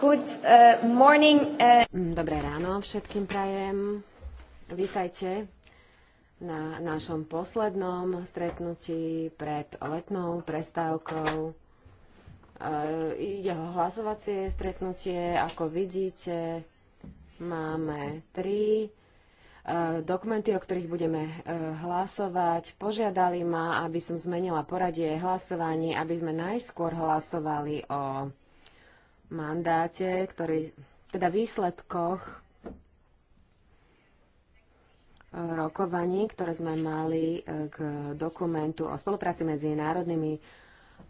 Good uh, morning. Uh... Dobré ráno všetkým prajem. Vítajte na našom poslednom stretnutí pred letnou prestávkou. Uh, ide o hlasovacie stretnutie. Ako vidíte, máme tri uh, dokumenty, o ktorých budeme uh, hlasovať. Požiadali ma, aby som zmenila poradie hlasovaní, aby sme najskôr hlasovali o mandáte, ktorý, teda výsledkoch eh, rokovaní, ktoré sme mali eh, k dokumentu o spolupráci medzi národnými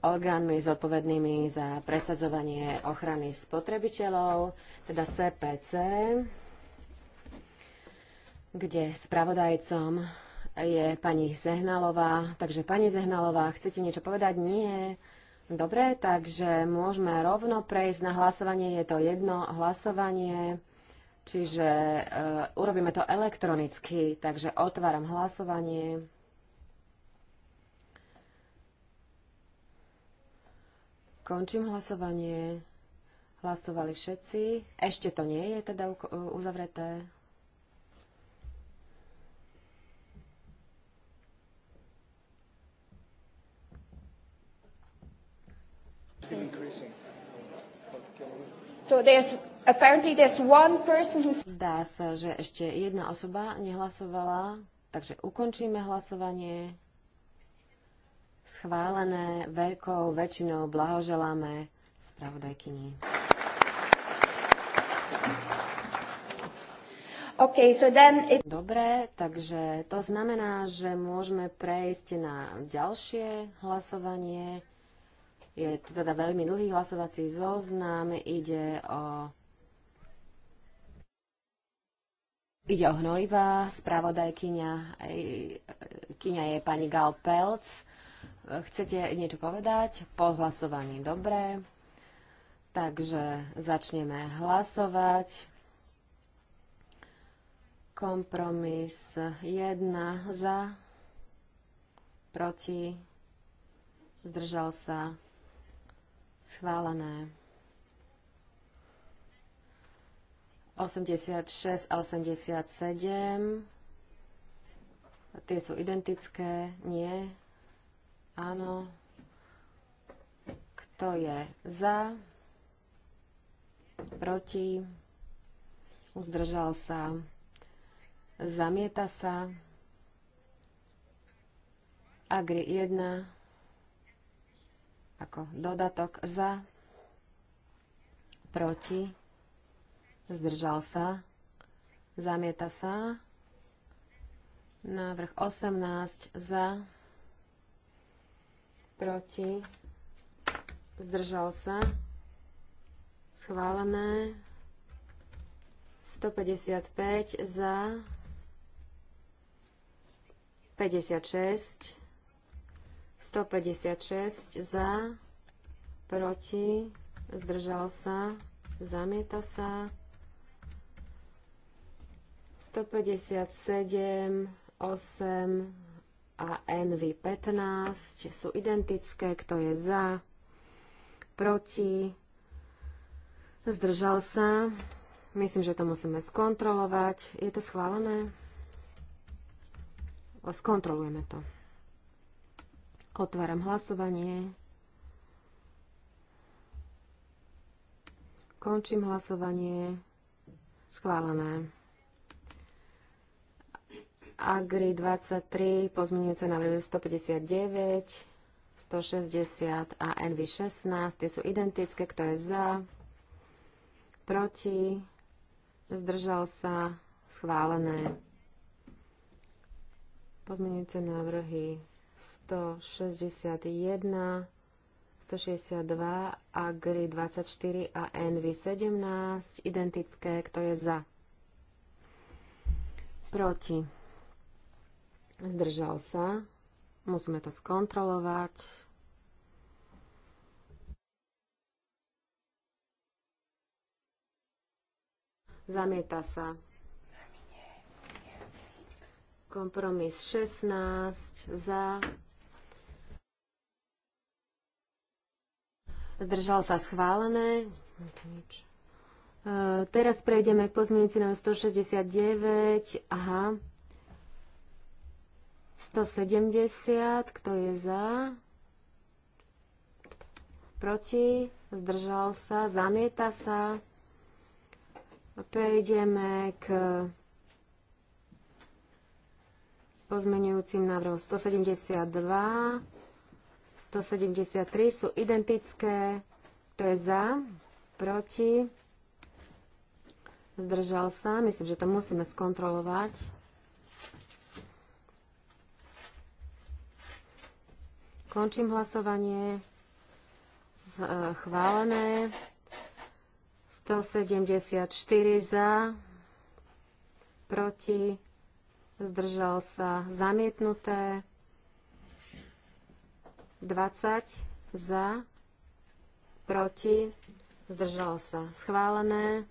orgánmi zodpovednými za presadzovanie ochrany spotrebiteľov, teda CPC, kde spravodajcom je pani Zehnalová. Takže pani Zehnalová, chcete niečo povedať? Nie. Dobre, takže môžeme rovno prejsť na hlasovanie. Je to jedno hlasovanie, čiže e, urobíme to elektronicky. Takže otváram hlasovanie. Končím hlasovanie. Hlasovali všetci. Ešte to nie je teda uzavreté. still increasing. So there's apparently there's one person who... Zdá sa, že ešte jedna osoba nehlasovala, takže ukončíme hlasovanie. Schválené veľkou väčšinou blahoželáme spravodajkyni. Okay, so then it... Dobre, takže to znamená, že môžeme prejsť na ďalšie hlasovanie. Je to teda veľmi dlhý hlasovací zoznam, ide o Ide o hnojivá. spravodajkyňa kyňa je pani Gal Pelc. Chcete niečo povedať? Po hlasovaní dobre. Takže začneme hlasovať. Kompromis 1 za, proti, zdržal sa Schválené. 86 a 87. Tie sú identické. Nie. Áno. Kto je za? Proti? uzdržal sa? Zamieta sa? Agri 1 ako dodatok za, proti, zdržal sa, zamieta sa, návrh 18 za, proti, zdržal sa, schválené, 155 za, 56 156 za, proti, zdržal sa, zamieta sa. 157, 8 a NV15 sú identické, kto je za, proti, zdržal sa. Myslím, že to musíme skontrolovať. Je to schválené? skontrolujeme to. Otváram hlasovanie. Končím hlasovanie. Schválené. Agri 23, pozmeňujúce návrhy 159, 160 a NV 16, tie sú identické, kto je za, proti, zdržal sa, schválené. Pozmeňujúce návrhy 161, 162, Agri 24 a NV 17, identické, kto je za. Proti. Zdržal sa. Musíme to skontrolovať. Zamieta sa. Kompromis 16 za. Zdržal sa schválené. E, teraz prejdeme k pozmienici na 169. Aha. 170. Kto je za? Proti? Zdržal sa? Zamieta sa? Prejdeme k pozmenujúcim návrhom 172, 173 sú identické. To je za, proti, zdržal sa. Myslím, že to musíme skontrolovať. Končím hlasovanie. E, chválené. 174 za, proti, zdržal sa zamietnuté, 20 za, proti, zdržal sa schválené,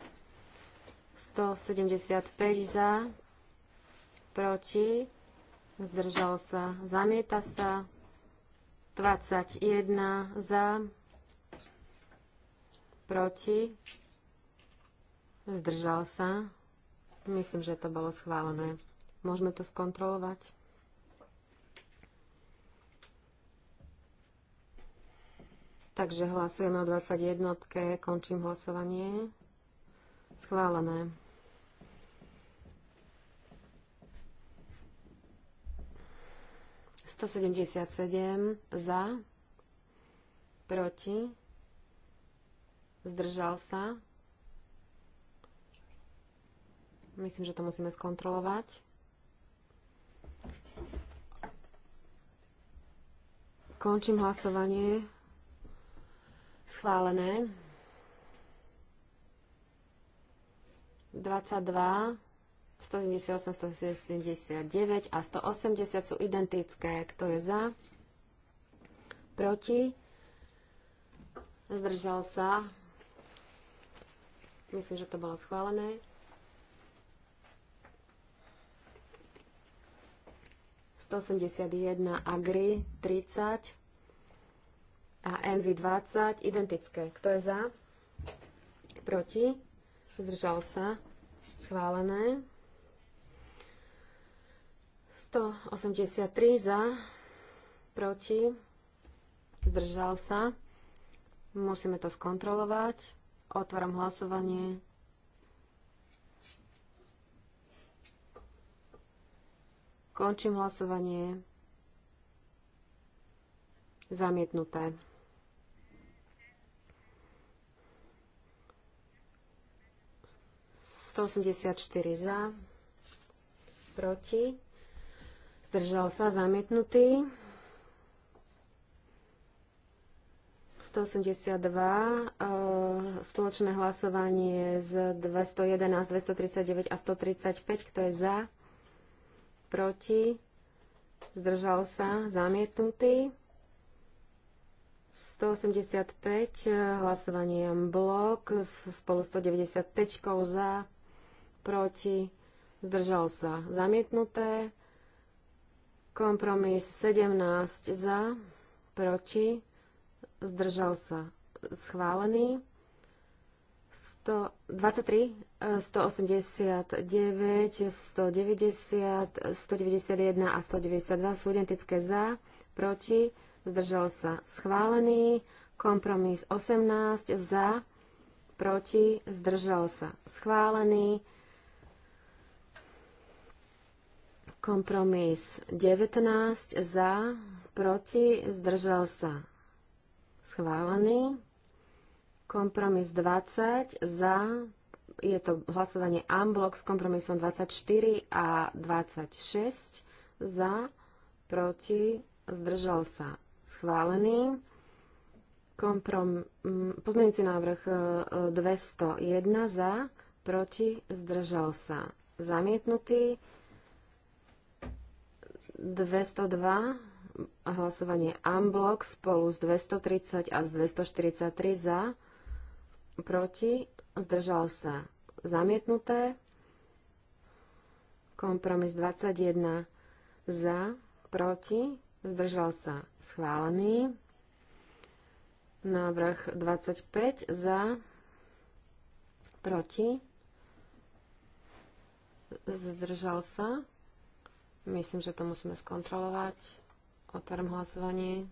175 za, proti, zdržal sa, zamieta sa, 21 za, proti, zdržal sa, myslím, že to bolo schválené. Môžeme to skontrolovať. Takže hlasujeme o 21. Končím hlasovanie. Schválené. Sto sedemdesiat sedem za, proti, zdržal sa. Myslím, že to musíme skontrolovať. Končím hlasovanie. Schválené. 22, 178, 179 a 180 sú identické. Kto je za? Proti? Zdržal sa? Myslím, že to bolo schválené. 181 Agri 30 a NV 20 identické. Kto je za? Proti? Zdržal sa? Schválené. 183 za, proti, zdržal sa. Musíme to skontrolovať. Otváram hlasovanie. Končím hlasovanie. Zamietnuté. Sto za, proti, zdržal sa, zamietnutý. 182, e, spoločné hlasovanie z 211, 239 a 135, kto je za, proti, zdržal sa, zamietnutý. 185, eh, hlasovanie blok, spolu 195 za, proti, zdržal sa, zamietnuté. Kompromis 17 za, proti, zdržal sa, schválený. 123, 189, 190, 191 a 192 sú identické za, proti, zdržal sa schválený, kompromis 18 za, proti, zdržal sa schválený, kompromis 19 za, proti, zdržal sa schválený, Kompromis 20 za, je to hlasovanie unblock s kompromisom 24 a 26 za, proti, zdržal sa schválený. Komprom, pozmeňujúci návrh 201 e, e, za, proti, zdržal sa zamietnutý. 202 hlasovanie unblock spolu s 230 a s 243 za, proti, zdržal sa zamietnuté. Kompromis 21 za, proti, zdržal sa schválený. Návrh 25 za, proti, zdržal sa. Myslím, že to musíme skontrolovať. Otváram hlasovanie.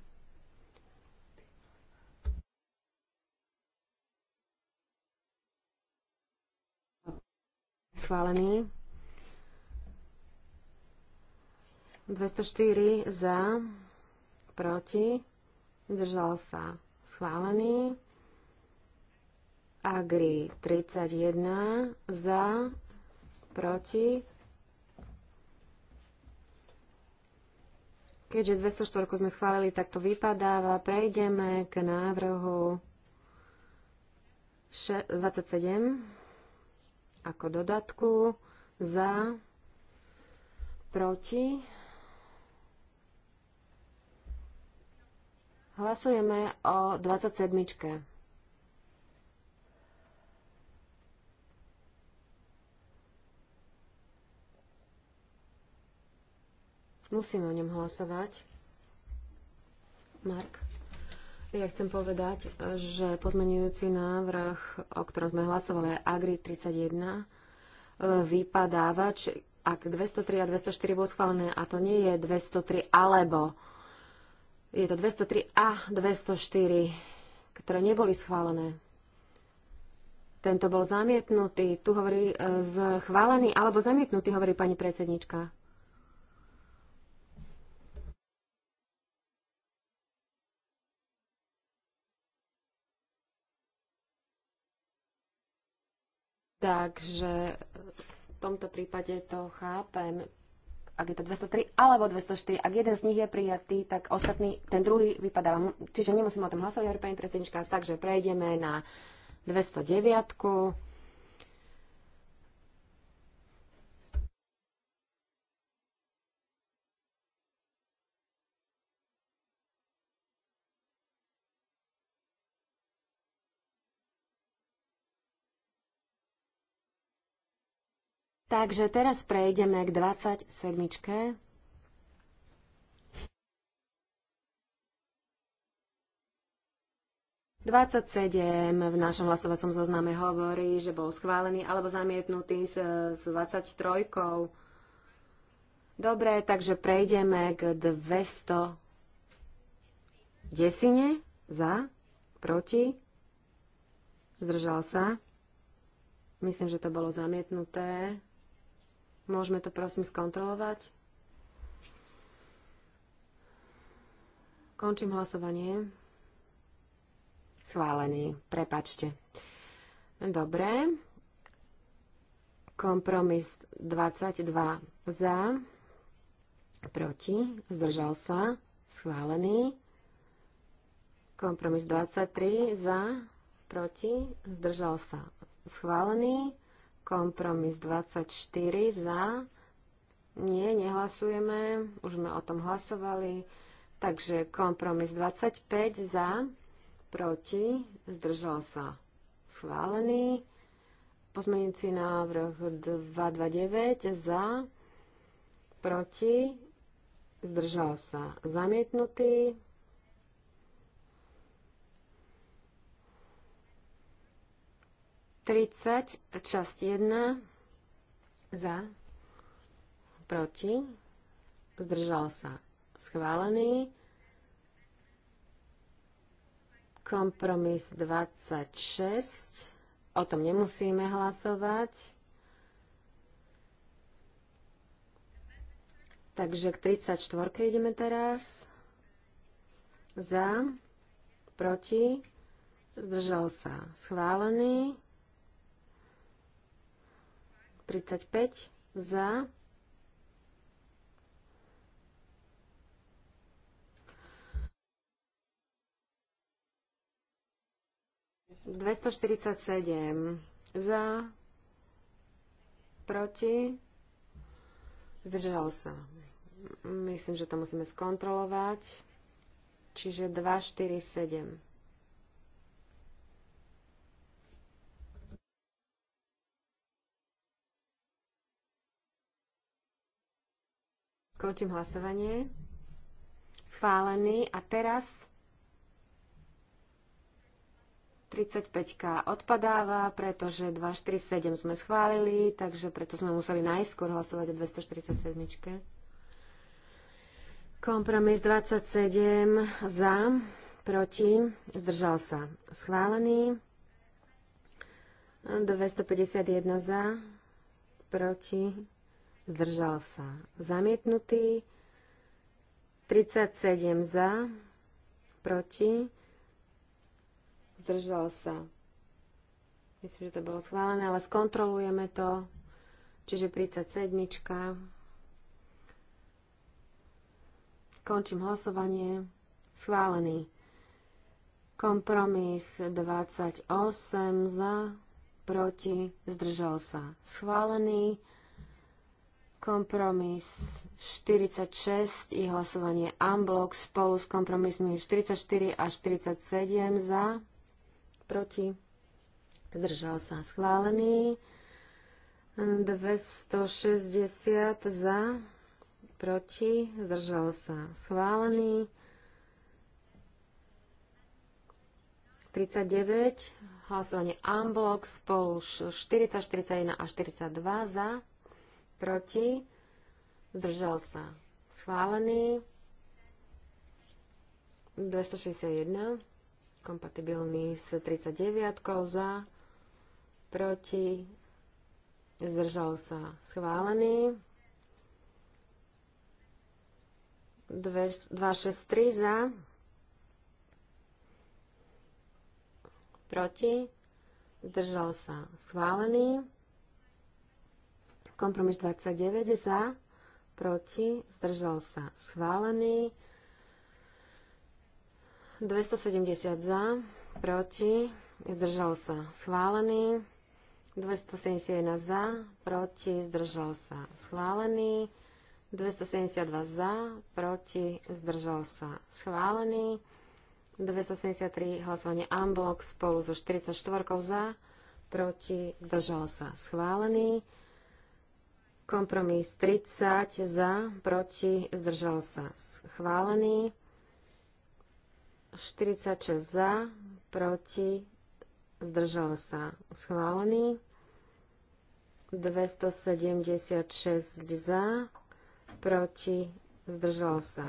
Schválený. 204 za, proti, zdržal sa. Schválený. Agri 31 za, proti. Keďže 204 sme schválili, tak to vypadáva. Prejdeme k návrhu 27 ako dodatku za, proti. Hlasujeme o 27. Musíme o ňom hlasovať. Mark. Ja chcem povedať, že pozmenujúci návrh, o ktorom sme hlasovali, Agri 31, e, vypadáva, či, ak 203 a 204 bol schválené, a to nie je 203 alebo. Je to 203 a 204, ktoré neboli schválené. Tento bol zamietnutý. Tu hovorí schválený e, alebo zamietnutý, hovorí pani predsednička. Takže e, v tomto prípade to chápem, ak je to 203 alebo 204, ak jeden z nich je prijatý, tak ostatný, ten druhý vypadáva. Čiže nemusím o tom hlasovať, pani predsednička. Takže prejdeme na 209. Takže teraz prejdeme k 27. Dvadsaťsedem v našom hlasovacom zozname hovorí, že bol schválený alebo zamietnutý s, s 23. Dobre, takže prejdeme k 200 desine za, proti, zdržal sa. Myslím, že to bolo zamietnuté. Môžeme to prosím skontrolovať. Končím hlasovanie. Schválený. Prepačte. Dobre. Kompromis 22 za, proti, zdržal sa, schválený. Kompromis 23 za, proti, zdržal sa, schválený. Kompromis 24 za. Nie, nehlasujeme. Už sme o tom hlasovali. Takže kompromis 25 za, proti, zdržal sa schválený. Pozmeňujúci návrh 229 za, proti, zdržal sa zamietnutý. 30, časť 1, za, proti, zdržal sa schválený. Kompromis 26, o tom nemusíme hlasovať. Takže k 34 ideme teraz. Za, proti, zdržal sa schválený. 35 za. Dvesto štyridsať sedem za, proti, zdržal sa. Myslím, že to musíme skontrolovať. Čiže dva štyri, sedem. Končím hlasovanie. Schválený. A teraz 35K odpadáva, pretože 247 sme schválili, takže preto sme museli najskôr hlasovať o 247. Kompromis 27 za, proti, zdržal sa. Schválený. 251 za, proti, zdržal sa zamietnutý, 37 za, proti, zdržal sa. Myslím, že to bolo schválené, ale skontrolujeme to. Čiže 37. Končím hlasovanie. Schválený. Kompromis 28 za, proti, zdržal sa. Schválený. Kompromis 46 i hlasovanie unblock spolu s kompromismi 44 a 47 za, proti, zdržal sa schválený, 260 za, proti, zdržal sa schválený, 39, hlasovanie unblock spolu 40, 41 a 42 za, proti, zdržal sa schválený. 261, kompatibilný s 39 za, proti, zdržal sa schválený. 263 za, proti, zdržal sa schválený. Kompromis 29 za, proti, zdržal sa schválený. 270 za, proti, zdržal sa schválený. 271 za, proti, zdržal sa schválený. 272 za, proti, zdržal sa schválený. 273 hlasovanie unblock spolu so 44 za, proti, zdržal sa schválený. Kompromis 30 za, proti, zdržal sa schválený. 46 za, proti, zdržal sa schválený. 276 za, proti, zdržal sa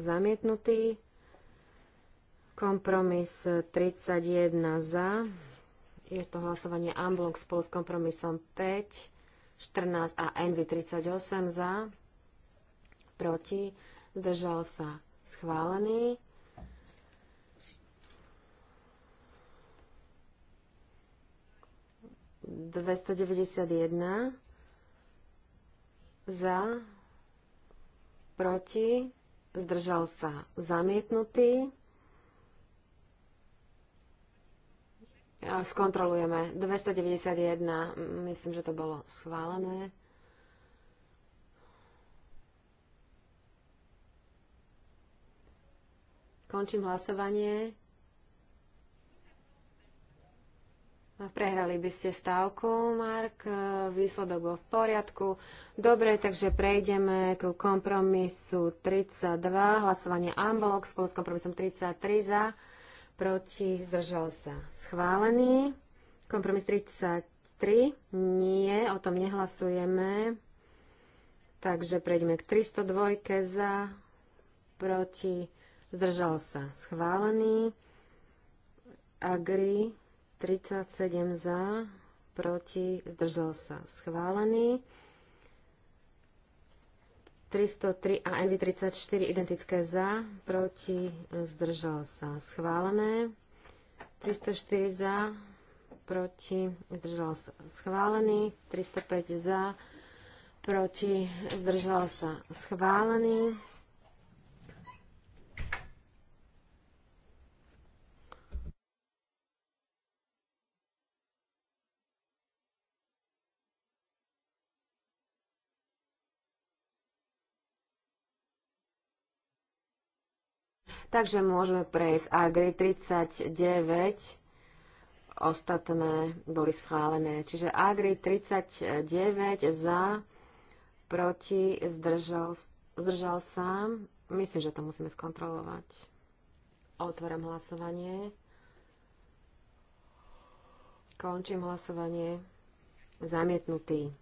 zamietnutý. Kompromis 31 za. Je to hlasovanie Amblok spolu s kompromisom 5 14 a Envy 38 za, proti, zdržal sa schválený. Dvesto za, proti, zdržal sa zamietnutý. Skontrolujeme. 291. Myslím, že to bolo schválené. Končím hlasovanie. Prehrali by ste stávku, Mark. Výsledok bol v poriadku. Dobre, takže prejdeme k kompromisu 32. Hlasovanie unblock spolu s kompromisom 33 za proti, zdržal sa. Schválený. Kompromis 33, nie, o tom nehlasujeme. Takže prejdeme k 302 za, proti, zdržal sa. Schválený. Agri 37 za, proti, zdržal sa. Schválený. 303 a mv 34 identické za, proti, zdržal sa schválené. 304 za, proti, zdržal sa schválený. 305 za, proti, zdržal sa schválený. Takže môžeme prejsť Agri 39. Ostatné boli schválené. Čiže Agri 39 za, proti, zdržal, zdržal sa. Myslím, že to musíme skontrolovať. Otváram hlasovanie. Končím hlasovanie. Zamietnutý.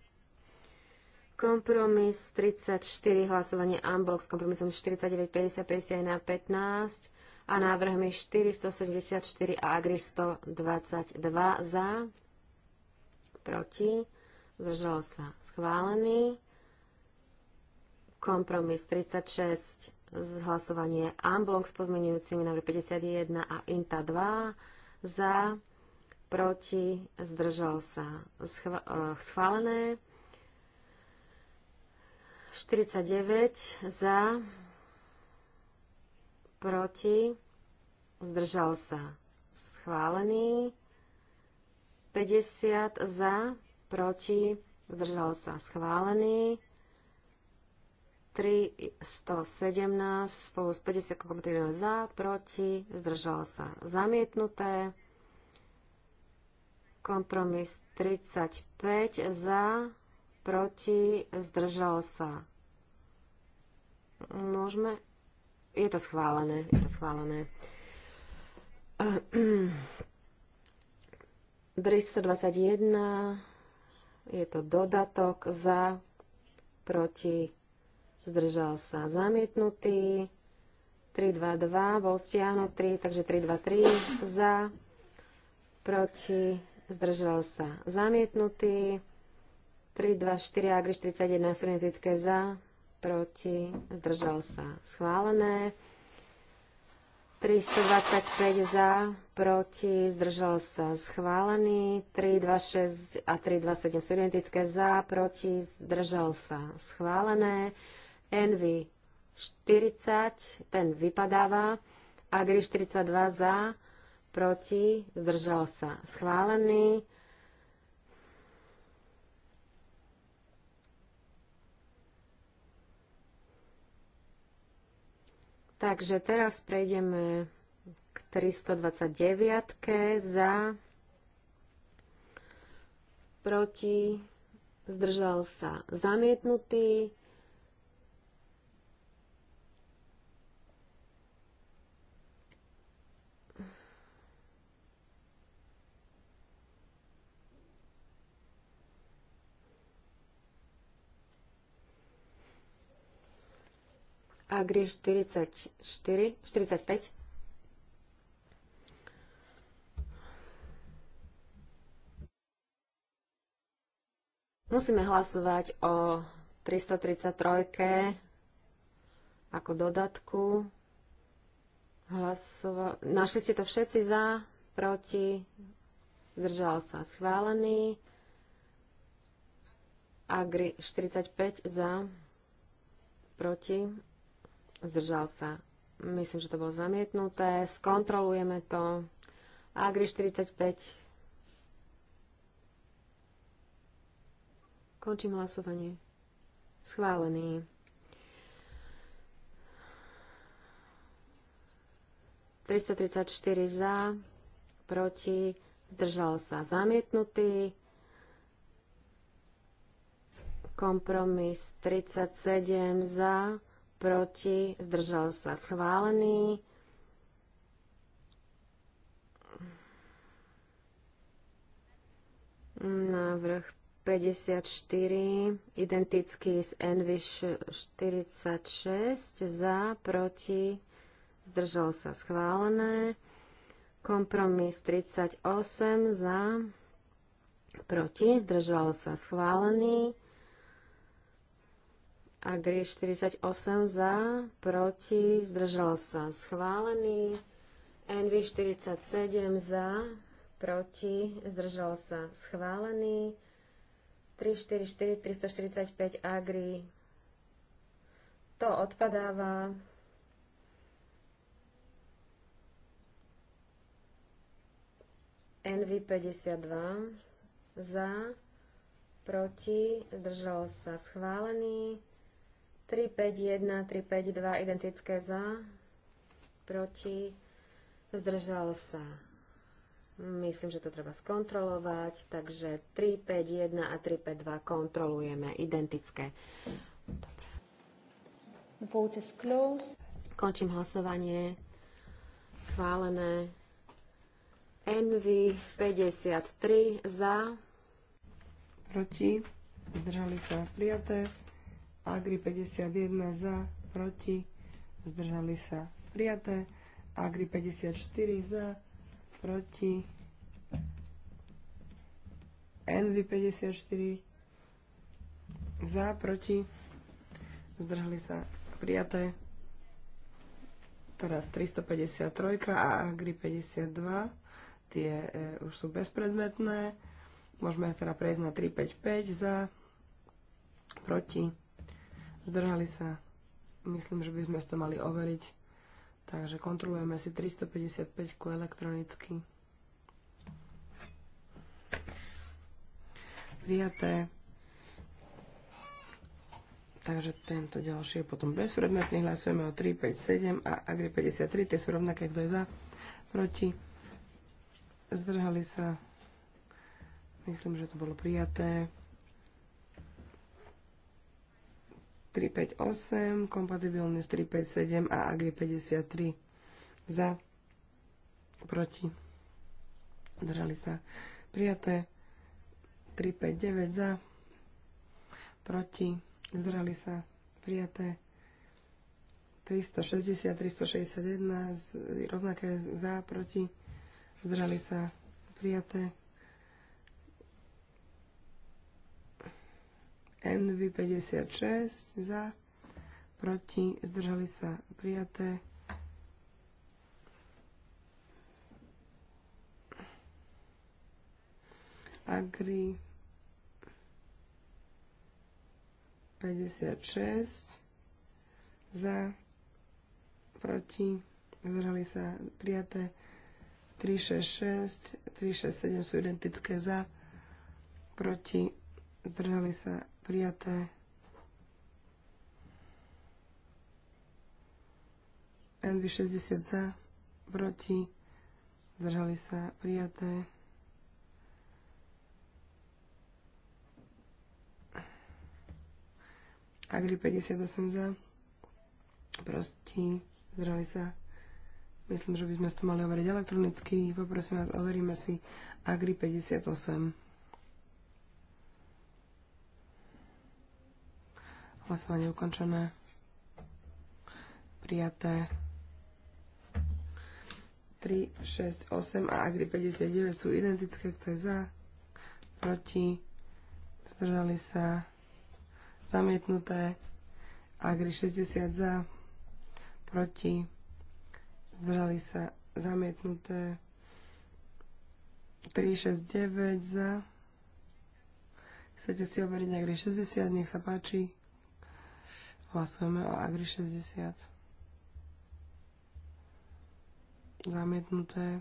Kompromis 34, hlasovanie unblock s kompromisom 49, 50, 51, 15 a návrhmi 474 a Agri 122 za, proti, zdržal sa schválený. Kompromis 36, hlasovanie unblock s pozmenujúcimi návrh 51 a INTA 2 za, proti, zdržal sa eh, schválené. 49 za, proti, zdržal sa. Schválený. 50 za, proti, zdržal sa. Schválený. 317 spolu s 50 kompatibilné za, proti, zdržal sa. Zamietnuté. Kompromis 35 za, proti, zdržal sa. Môžeme? Je to schválené, je to schválené. 321 je to dodatok za, proti, zdržal sa zamietnutý. 322 bol stiahnutý, takže 323 za, proti, zdržal sa zamietnutý. 3, 2, 4, Agriš 31 sú za, proti, zdržal sa. Schválené. 325 za, proti, zdržal sa schválený, 326 a 327 sú identické za, proti, zdržal sa schválené, Envy 40, ten vypadáva, Agri 42 za, proti, zdržal sa schválený, Takže teraz prejdeme k 329 za proti zdržal sa zamietnutý Agri 44, 45. Musíme hlasovať o 333 ako dodatku. Hlasova- Našli ste to všetci za, proti, zdržal sa schválený. Agri 45 za, proti, Zdržal sa. Myslím, že to bolo zamietnuté. Skontrolujeme to. Agri 45. Končím hlasovanie. Schválený. 334 za, proti, zdržal sa zamietnutý. Kompromis 37 za, proti, zdržal sa schválený. Návrh 54, identický s Nv 46, za, proti, zdržal sa schválené. Kompromis 38, za, proti, zdržal sa schválený. Agri 48 za, proti, zdržal sa schválený. NV 47 za, proti, zdržal sa schválený. 344, 345 Agri. To odpadáva. NV 52 za, proti, zdržal sa schválený. 3, 5, 1, 3, 5, 2, identické za, proti, zdržal sa. Myslím, že to treba skontrolovať, takže 3, 5, 1 a 3, 5, 2 kontrolujeme identické. Dobre. Končím hlasovanie. Schválené. NV 53 za. Proti. Zdržali sa. Prijaté. Agri 51 za, proti, zdržali sa prijaté. Agri 54 za, proti, Envy 54 za, proti, zdržali sa prijaté. Teraz 353 a Agri 52, tie e, už sú bezpredmetné. Môžeme teda prejsť na 355 za, proti, zdržali sa. Myslím, že by sme to mali overiť. Takže kontrolujeme si 355 elektronicky. Prijaté. Takže tento ďalší je potom bezpredmetný. Hlasujeme o 357 a Agri 53. Tie sú rovnaké, kto je za, proti. Zdrhali sa. Myslím, že to bolo prijaté. 358, kompatibilný s 357 a Agri 53 za, proti, držali sa prijaté, 359 za, proti, zdržali sa prijaté, 360, 361, rovnaké za, proti, zdržali sa prijaté, NV56 za, proti, zdržali sa prijaté. Agri 56 za, proti, zdržali sa prijaté. 366, 367 sú identické za, proti, zdržali sa prijaté. NV60 za, proti, zdržali sa, prijaté. Agri 58 za, proti, zdržali sa. Myslím, že by sme to mali overiť elektronicky. Poprosím vás, overíme si Agri 58. Hlasovanie ukončené. Prijaté. 3, 6, 8 a Agri 59 sú identické. Kto je za? Proti? Zdržali sa? Zamietnuté. Agri 60 za? Proti? Zdržali sa? Zamietnuté. 3, 6, 9 za? Chcete si overiť Agri 60? Nech sa páči. Hlasujeme o Agri 60. Zamietnuté.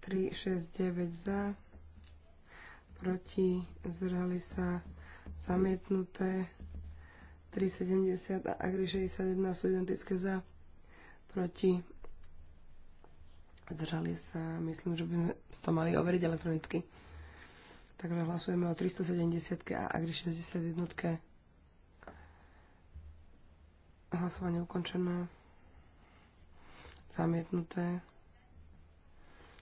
3, 6, 9 za. Proti. Zdrhali sa. Zamietnuté. 370 a Agri 61 sú identické za, proti. Zdržali sa, myslím, že by sme to mali overiť elektronicky. Takže hlasujeme o 370 a Agri 61. Hlasovanie ukončené. Zamietnuté.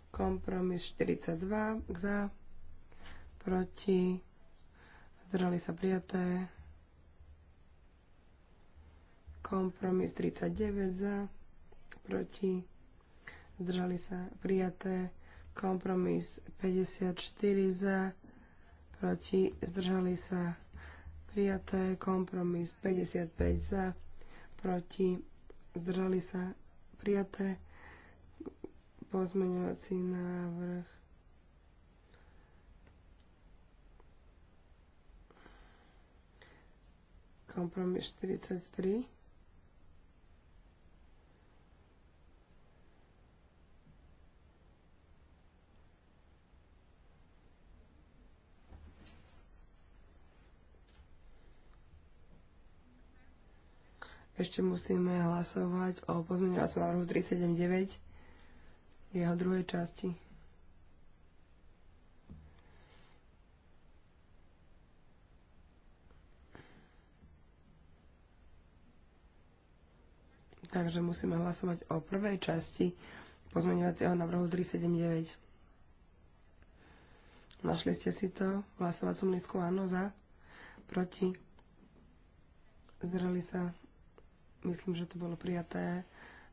Kompromis 42 za. Proti. Zdrali sa prijaté. Kompromis 39 za. Proti. Zdržali sa prijaté. Kompromis 54 za proti, zdržali sa prijaté, kompromis 55 za, proti, zdržali sa prijaté, pozmeňovací návrh. Kompromis 43 Ešte musíme hlasovať o pozmeňovacom návrhu 379 jeho druhej časti. Takže musíme hlasovať o prvej časti pozmeňovacieho návrhu 379. Našli ste si to v hlasovacom lístku áno za, proti, Zdrali sa, Myslím, že to bolo prijaté.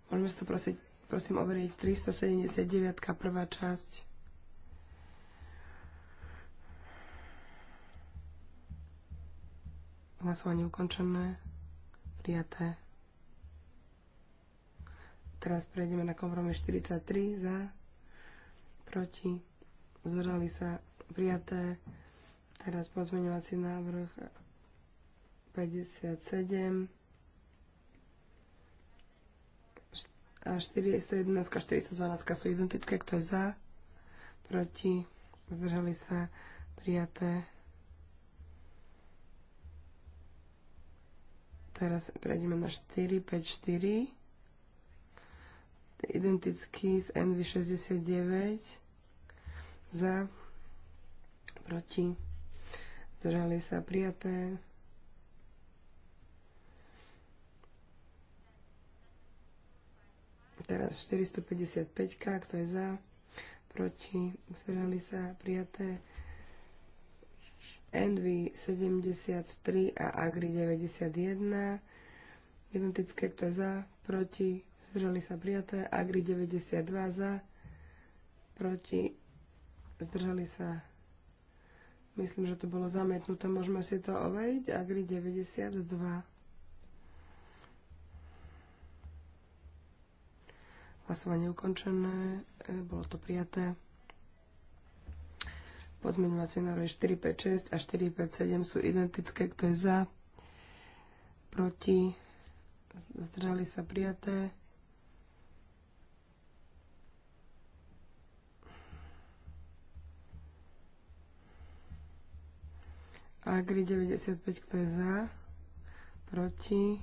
Môžeme si to prosiť, prosím overiť. 379. prvá časť. Hlasovanie ukončené. Prijaté. Teraz prejdeme na kompromis 43 za, proti, zrali sa, prijaté. Teraz pozmeňovací návrh 57 a 411 a 412 sú identické. Kto je za? Proti? Zdržali sa? Prijaté. Teraz prejdeme na 4, 5, 4. Identický s NV69. Za? Proti? Zdržali sa? Prijaté. Teraz 455, kto je za, proti, zdržali sa, prijaté. Envy 73 a Agri 91. Identické, kto je za, proti, zdržali sa, prijaté. Agri 92 za, proti, zdržali sa. Myslím, že to bolo zamietnuté. Môžeme si to overiť. Agri 92. Hlasovanie ukončené. E, bolo to prijaté. Pozmeňovacie návrhy 456 a 457 sú identické. Kto je za? Proti? Zdržali sa prijaté. Agri 95, kto je za? Proti?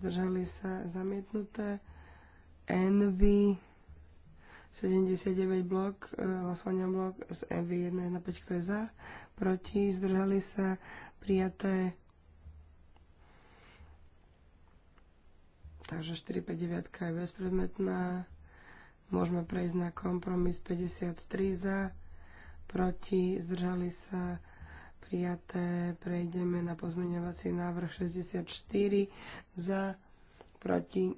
Zdržali sa zamietnuté. Envy 79 blok, e, hlasovania blok z Envy 115, kto je za, proti, zdržali sa, prijaté. Takže 459 je bezpredmetná. Môžeme prejsť na kompromis 53 za, proti, zdržali sa, prijaté. Prejdeme na pozmeňovací návrh 64 za, proti,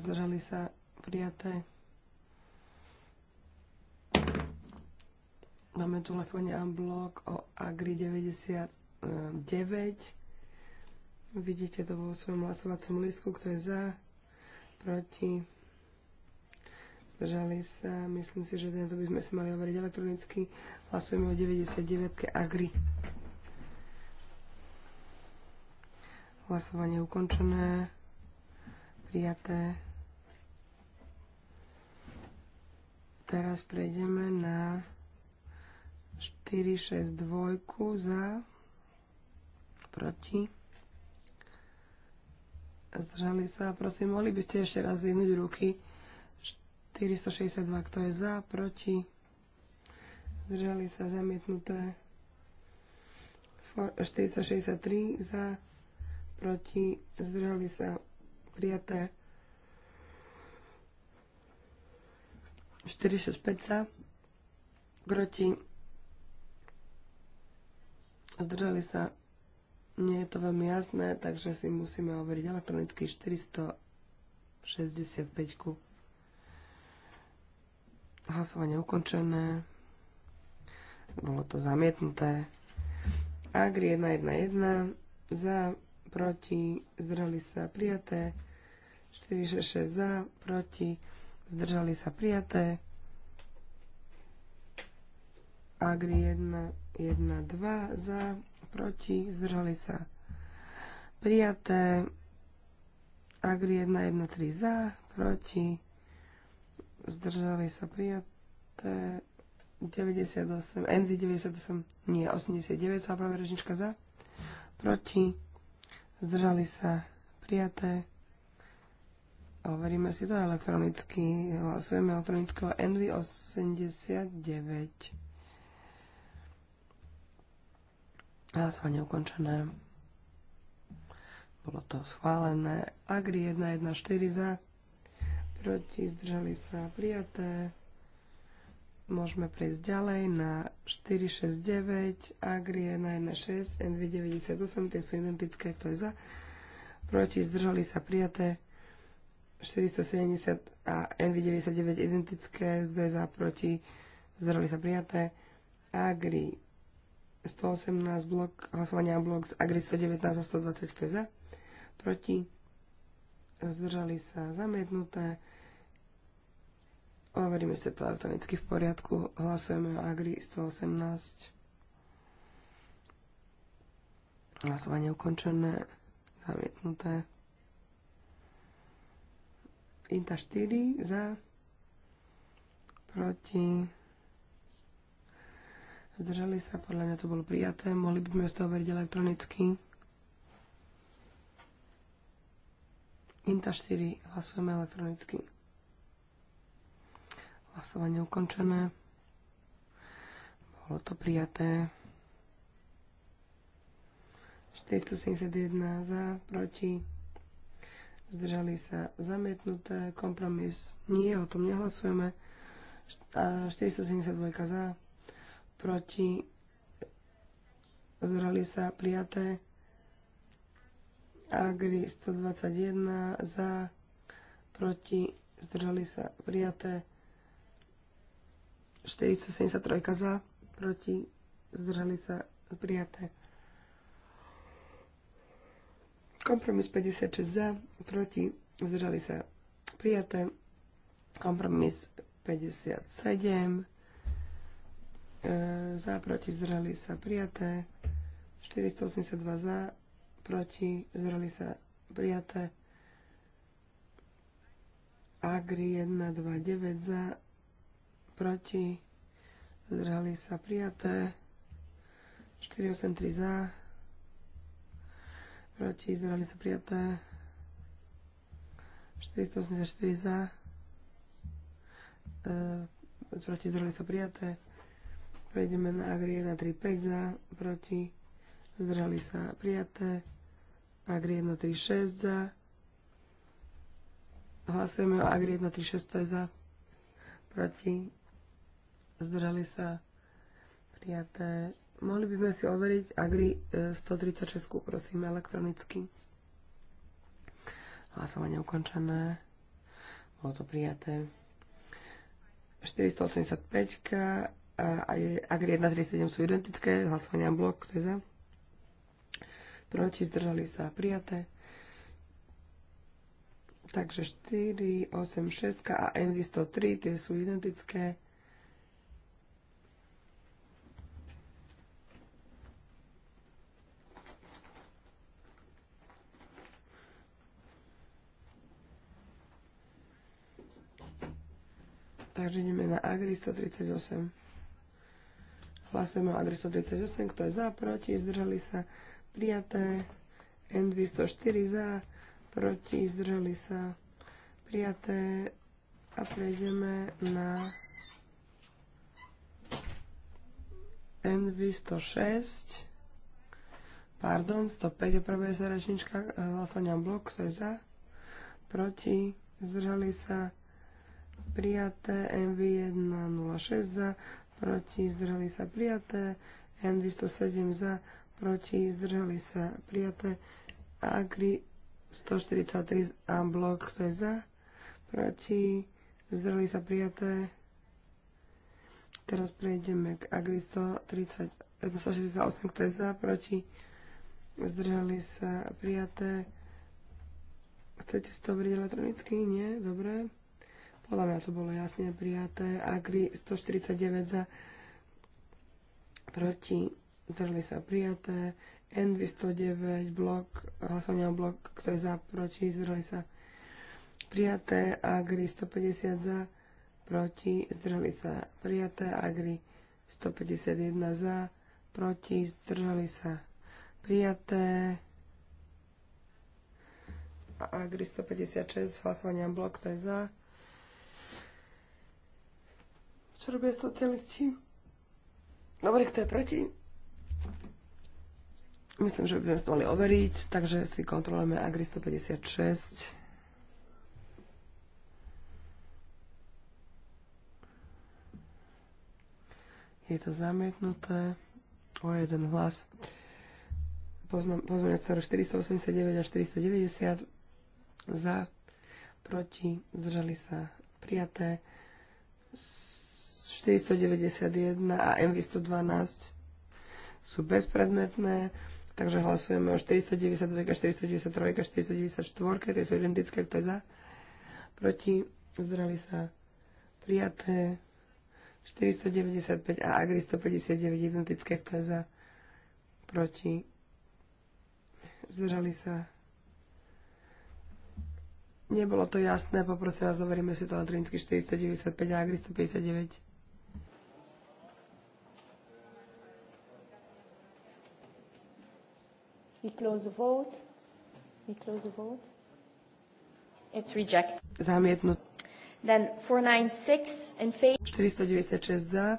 zdržali sa prijaté. Máme tu hlasovanie blok o Agri 99. Vidíte to vo svojom hlasovacom listku, kto je za, proti, zdržali sa. Myslím si, že to by sme si mali overiť elektronicky. Hlasujeme o 99. Agri. Hlasovanie ukončené. Prijaté. Teraz prejdeme na 2 za, proti. Zdržali sa. Prosím, mohli by ste ešte raz zvihnúť ruky. 462, kto je za, proti. Zdržali sa zamietnuté. 463 za, proti. Zdržali sa prijaté. 465 za, proti, zdržali sa, nie je to veľmi jasné, takže si musíme overiť elektronicky 465 -ku. Hlasovanie ukončené. Bolo to zamietnuté. Agri 111 za, proti, zdržali sa, prijaté. 466 za, proti, zdržali sa prijaté. Agri 1, 1, 2 za, proti, zdržali sa prijaté. Agri 1, 1, 3 za, proti, zdržali sa prijaté. 98, NV 98, nie, 89 sa práve režnička za, proti, zdržali sa prijaté. Overíme si to elektronicky. Hlasujeme elektronického NV89. Hlasovanie ukončené. Bolo to schválené. Agri 114 za. Proti zdržali sa prijaté. Môžeme prejsť ďalej na 469, Agri 116, NV98, tie sú identické, kto je za. Proti zdržali sa prijaté. 470 a NV99 identické, kto je za, proti, zdržali sa prijaté. Agri 118 blok, hlasovania blok z Agri 119 a 120, kto je za, proti, zdržali sa zamietnuté. Overíme sa to elektronicky v poriadku. Hlasujeme o Agri 118. Hlasovanie ukončené, zamietnuté. Inta 4 za, proti, zdržali sa, podľa mňa to bolo prijaté, mohli by sme z toho veriť elektronicky. Inta 4, hlasujeme elektronicky. Hlasovanie ukončené. Bolo to prijaté. 471 za, proti, zdržali sa zamietnuté, kompromis nie, o tom nehlasujeme. A 472 za, proti, zdržali sa prijaté. Agri 121 za, proti, zdržali sa prijaté. 473 za, proti, zdržali sa prijaté. Kompromis 56 za, proti, zdržali sa prijaté. Kompromis 57 e, za, proti, zdržali sa prijaté. 482 za, proti, zdržali sa prijaté. Agri 129 za, proti, zdržali sa prijaté. 483 za, proti, zdržali sa prijaté. 484 za, e, proti, zdržali sa prijaté. Prejdeme na Agri 135 za, proti, zdržali sa prijaté. Agri 136 za. Hlasujeme o Agri 136, to je za, proti, zdrali sa prijaté. Mohli by sme si overiť Agri 136, e, prosím, elektronicky. Hlasovanie ukončené. Bolo to prijaté. 485 a Agri 137 sú identické. Hlasovanie blok, kto je za? Proti, zdržali sa, prijaté. Takže 4, 8, 6 a MV103, tie sú identické. Takže ideme na Agri 138. Hlasujeme o Agri 138, kto je za, proti, zdržali sa, prijaté. N204 za, proti, zdržali sa, prijaté. A prejdeme na N206. Pardon, 105 opravuje sa rečnička hlasovania blok, kto je za, proti, zdržali sa, prijaté, MV106 za, proti, zdržali sa prijaté, N207 za, proti, zdržali sa prijaté, Agri 143 a blok, kto je za, proti, zdržali sa prijaté. Teraz prejdeme k Agri 168, eh, kto je za, proti, zdržali sa prijaté. Chcete si to overiť elektronicky? Nie? Dobre. Podľa mňa to bolo jasne prijaté. Agri 149 za, proti, zdržali sa prijaté. n 109, blok, hlasovania blok, kto je za, proti, zdržali sa prijaté. Agri 150 za, proti, zdržali sa prijaté. Agri 151 za, proti, zdržali sa prijaté. Agri 156, hlasovania blok, kto je za, čo robia socialisti? Dobre, kto je proti? Myslím, že by sme to mali overiť, takže si kontrolujeme Agri 156. Je to zamietnuté o jeden hlas. Poznam, návrh 489 a 490 za, proti, zdržali sa prijaté. 491 a MV 112 sú bezpredmetné, takže hlasujeme o 492, 493, 494, tie sú identické, kto je za, proti, zdrali sa, prijaté, 495 a Agri 159 identické, kto je za, proti, zdržali sa. Nebolo to jasné, poprosím vás, overíme si to elektronicky 495 a Agri 159. We close the vote. We close the vote. It's rejected. Zamietnut. Then 496 in favor. 496 za.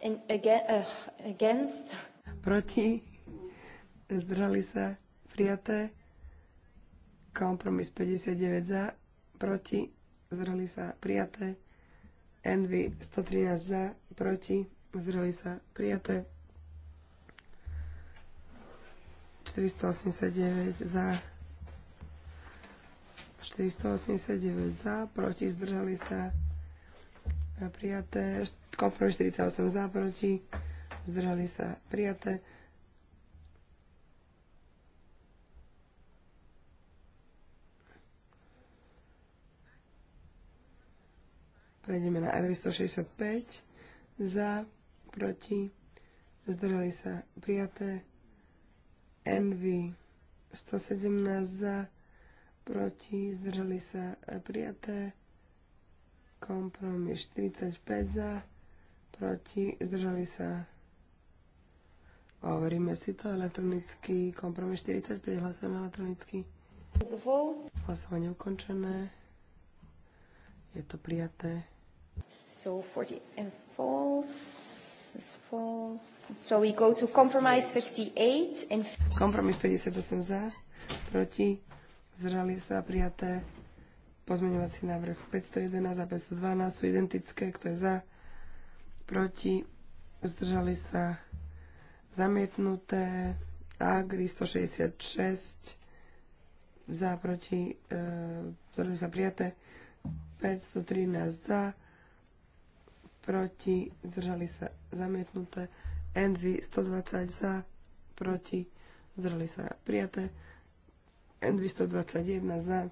In, again, uh, against. Proti. Zdržali sa. Prijaté. Kompromis 59 za. Proti. Zdržali sa. Prijaté. Envy 113 za. Proti. Zdržali sa. Prijaté. 489 za. 489 za, proti, zdržali sa e, prijaté. Kompromis 48 za, proti, zdržali sa prijaté. Prejdeme na adres 165 za, proti, zdržali sa prijaté. Envy 117 za, proti, zdrhli sa e, prijaté. Kompromis 45 za, proti, zdrhli sa. Overíme si to elektronicky. Kompromis 45, hlasujeme elektronicky. Hlasovanie ukončené. Je to prijaté. So 40 and false. So we go to compromise 58 and... Kompromis 58 za, proti, zrali sa prijaté pozmeňovací návrh 511 a 512 sú identické, kto je za, proti, zdržali sa zamietnuté, Agri 166 za, proti, e, zdržali sa prijaté, 513 za, proti, zdržali sa zamietnuté, Envy 120 za, proti, zdržali sa prijaté, Envy 121 za,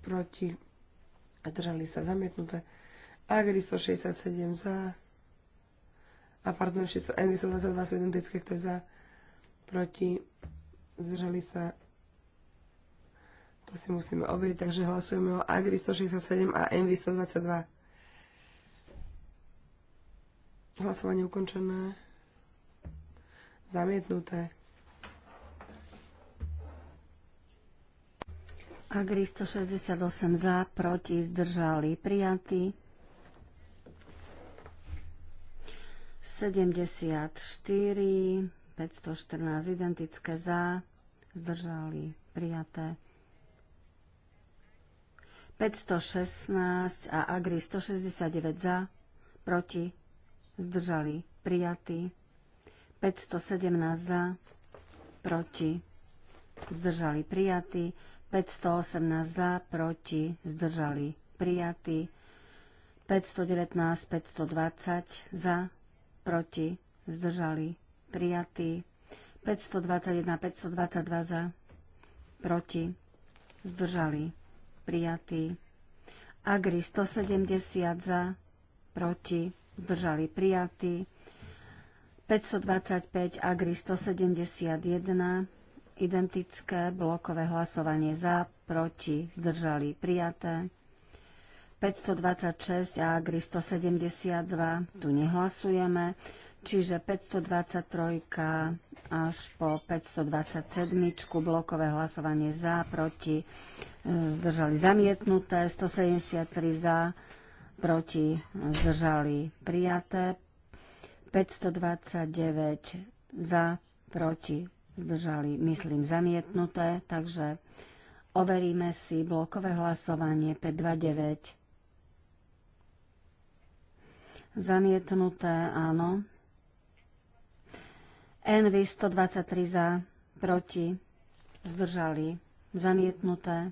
proti, zdržali sa zamietnuté, Agri 167 za, a pardon, Envy 122 sú identické, kto je za, proti, zdržali sa to si musíme overiť, takže hlasujeme o Agri 167 a MV 122. Hlasovanie ukončené. Zamietnuté. Agri 168 za, proti, zdržali, prijatí. 74, 514 identické za, zdržali, prijaté. 516 a Agri 169 za, proti, zdržali prijatí, 517 za, proti, zdržali prijatí, 518 za, proti, zdržali prijatí, 519, 520 za, proti, zdržali prijatí, 521, 522 za, proti, zdržali prijatí, Agri 170 za, proti, zdržali prijatí. 525 Agri 171 identické blokové hlasovanie za, proti, zdržali prijaté. 526 a Agri 172 tu nehlasujeme, čiže 523 až po 527 blokové hlasovanie za, proti, e, zdržali zamietnuté, 173 za, proti, zdržali prijaté, 529 za, proti, zdržali, myslím, zamietnuté, takže overíme si blokové hlasovanie 529. Zamietnuté, áno. NV 123 za, proti, zdržali, zamietnuté.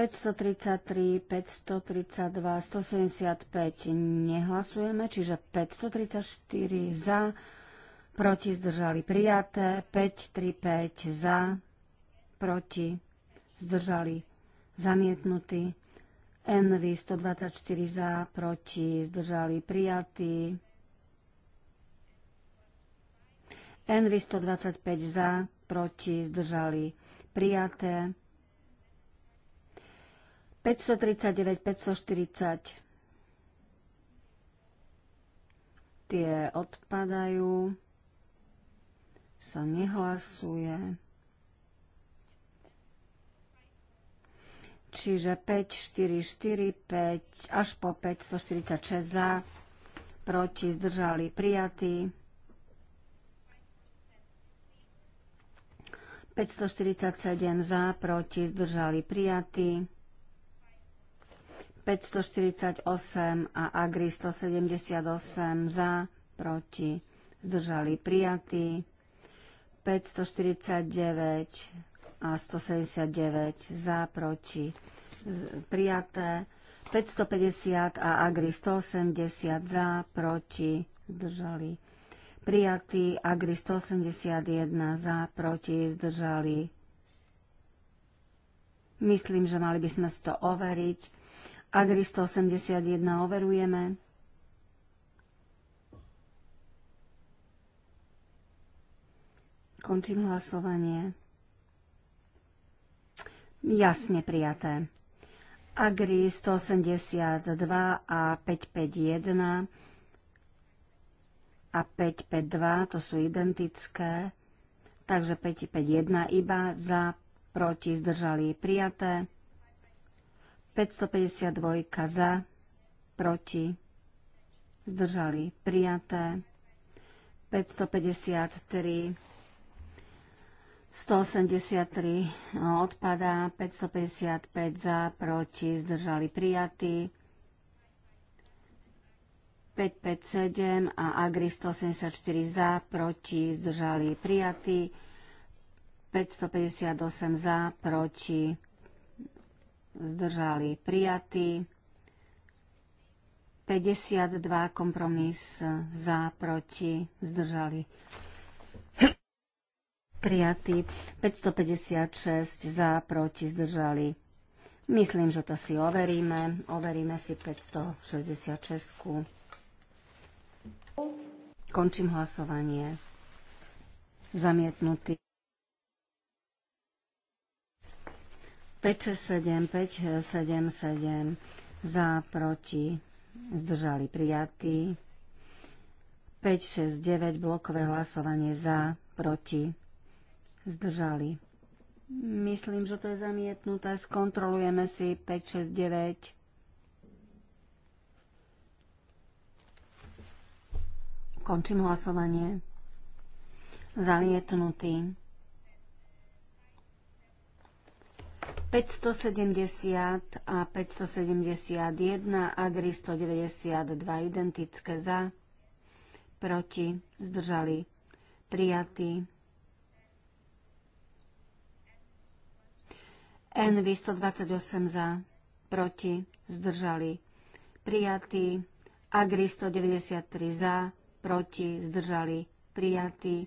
533, 532, 175 nehlasujeme, čiže 534 za, proti zdržali prijaté, 535 za, proti zdržali zamietnutý, NV 124 za, proti zdržali prijatý, NV 125 za, proti zdržali prijaté, 539, 540. Tie odpadajú. Sa nehlasuje. Čiže 5, 4, 4, 5, až po 546 za, proti, zdržali, prijatí. 547 za, proti, zdržali, prijatí. 548 a Agri 178 za, proti, zdržali prijatí. 549 a 179 za, proti, prijaté. 550 a Agri 180 za, proti, zdržali prijatí. Agri 181 za, proti, zdržali Myslím, že mali by sme si to overiť. Agri 181 overujeme. Končím hlasovanie. Jasne prijaté. Agri 182 a 551 a 552 to sú identické. Takže 551 iba za, proti, zdržali prijaté. 552 za, proti, zdržali prijaté. 553 183 no, odpadá, 555 za, proti, zdržali prijatí. 557 a Agri 184 za, proti, zdržali prijatí. 558 za, proti, zdržali prijatí. 52 kompromis za, proti, zdržali prijatý, 556 za, proti, zdržali. Myslím, že to si overíme. Overíme si 566. Končím hlasovanie. Zamietnutý. 567, 577 za, proti, zdržali prijatí. 569 blokové hlasovanie za, proti, zdržali. Myslím, že to je zamietnuté. Skontrolujeme si 569. Končím hlasovanie. Zamietnutý. 570 a 571, Agri 192 identické za, proti, zdržali, prijatí. NV 128 za, proti, zdržali, prijatí. Agri 193 za, proti, zdržali, prijatí.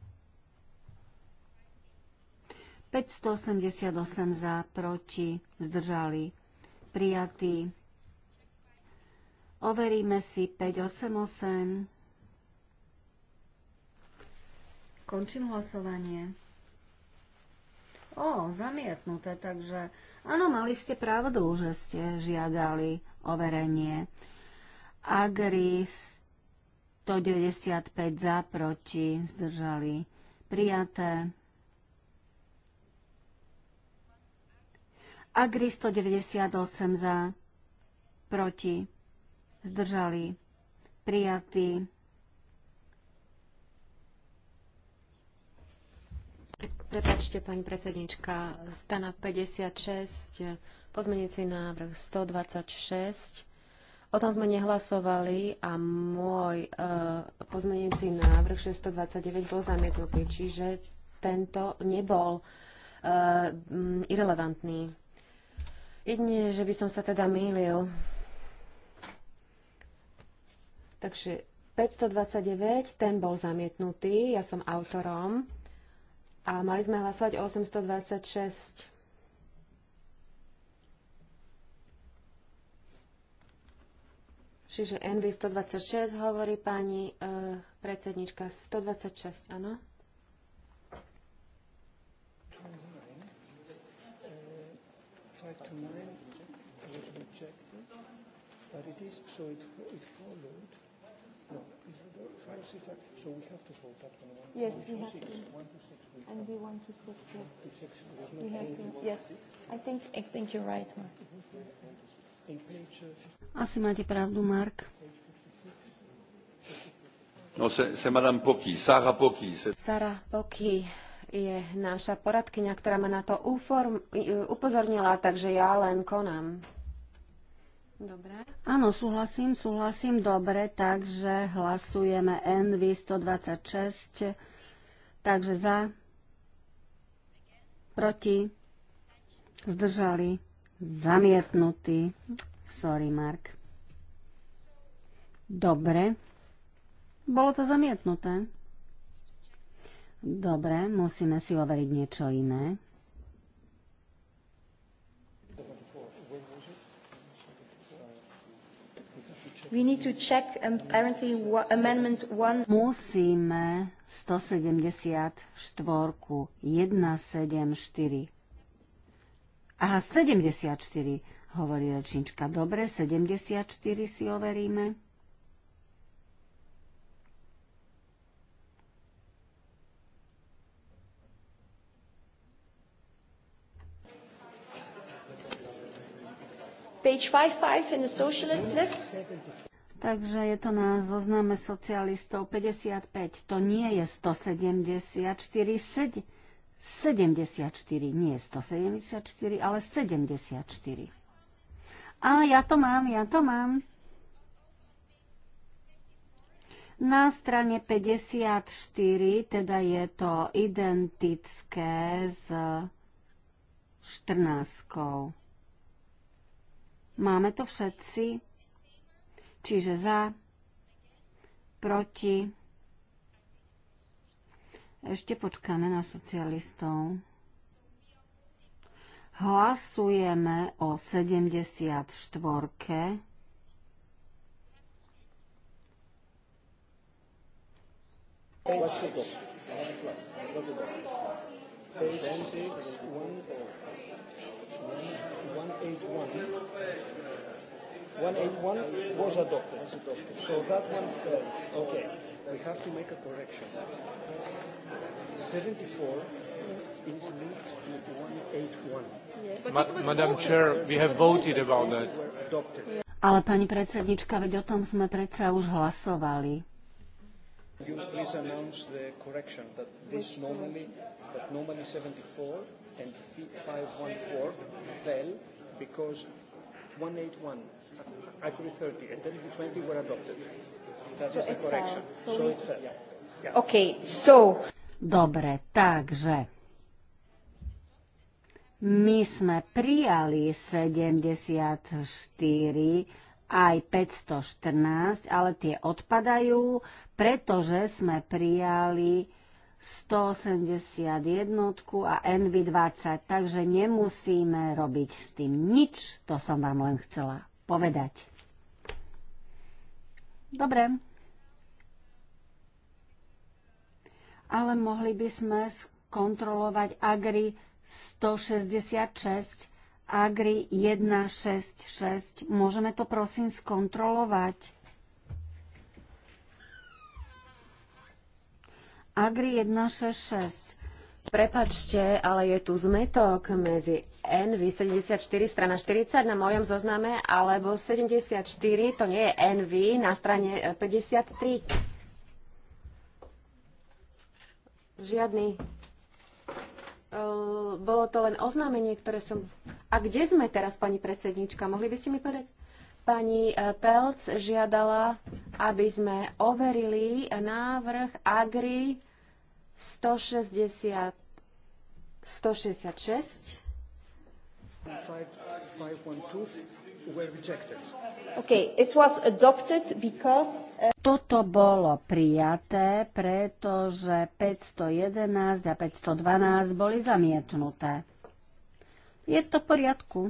588 za, proti, zdržali, prijatí. Overíme si 588. Končím hlasovanie. O, zamietnuté, takže áno, mali ste pravdu, že ste žiadali overenie. Agri 195 za, proti, zdržali, prijaté. Agri 198 za, proti, zdržali, prijatý. Prepačte, pani predsednička, stana 56, pozmenujúci návrh 126. O tom sme nehlasovali a môj e, pozmenujúci návrh 629 bol zamietnutý, čiže tento nebol e, irrelevantný. Jedine, že by som sa teda mýlil. Takže 529, ten bol zamietnutý, ja som autorom. A mali sme hlasovať 826. Čiže NV 126 hovorí pani e, predsednička 126, áno? five to nine was rejected, but it is, so it, it followed. No, is it four, six, five? So we have to vote that one. one yes, one we have six, to. One to six. We and we one to six, yes. One to six. There's no we have to, yes. To I think, I think you're right, Mark. Uh, Asi máte pravdu, Mark. No, c'est Madame Pocky, Sarah Pocky. Sarah Pocky je naša poradkyňa, ktorá ma na to uform, upozornila, takže ja len konám. Dobre. Áno, súhlasím, súhlasím, dobre, takže hlasujeme NV 126, takže za, proti, zdržali, zamietnutý, sorry Mark. Dobre, bolo to zamietnuté. Dobre, musíme si overiť niečo iné. We need to check um, apparently amendment one. Musíme 174 174. Aha, 74, hovorí rečnička. Dobre, 74 si overíme. Takže je to na zozname socialistov 55. To nie je 174, 74, nie je 174, ale 74. A ja to mám, ja to mám. Na strane 54, teda je to identické s 14. Máme to všetci. Čiže za, proti. Ešte počkáme na socialistov. Hlasujeme o 74. -ke. 181 was adopted. So that one fell. Okay. We have to make a correction. 74 is linked to 181. Ma- Madam Chair, we have voted about that. Ale pani predsednička, veď o tom sme predsa už hlasovali. You please announce the correction that this normally, that normally 74 and 514 fell because 181 30 and then 20 were adopted. That so is the correction. So, so it's fair. Yeah. Yeah. so... Dobre, takže my sme prijali 74 aj 514, ale tie odpadajú, pretože sme prijali 181 a NV20, takže nemusíme robiť s tým nič, to som vám len chcela povedať. Dobre. Ale mohli by sme skontrolovať Agri 166, Agri 166. Môžeme to prosím skontrolovať. Agri 166. Prepačte, ale je tu zmetok medzi NV 74 strana 40 na mojom zozname, alebo 74, to nie je NV, na strane 53. E, Žiadny. E, bolo to len oznámenie, ktoré som... A kde sme teraz, pani predsednička? Mohli by ste mi povedať? Pani e, Pelc žiadala, aby sme overili návrh Agri 160, 166. Uh, Toto bolo prijaté, pretože 511 a 512 boli zamietnuté. Je to v poriadku.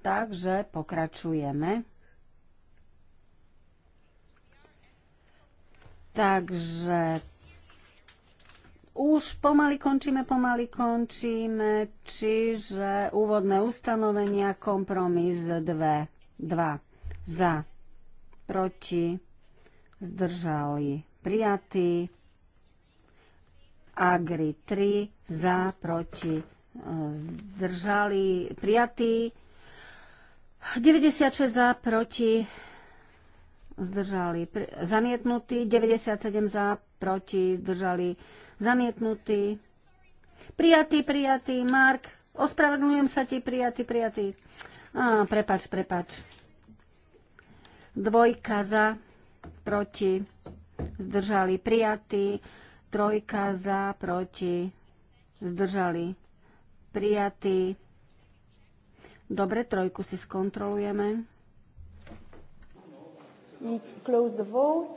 Takže pokračujeme. Takže už pomaly končíme, pomaly končíme, čiže úvodné ustanovenia, kompromis 2, 2 za, proti, zdržali, prijatý, agri 3, za, proti, zdržali, prijatý, 96 za, proti, zdržali zamietnutí, 97 za, proti, zdržali zamietnutí. Prijatý, prijatý, Mark, ospravedlňujem sa ti, prijatý, prijatý. Á, prepač, prepač. Dvojka za, proti, zdržali prijatý, trojka za, proti, zdržali prijatý. Dobre, trojku si skontrolujeme. We close the vote.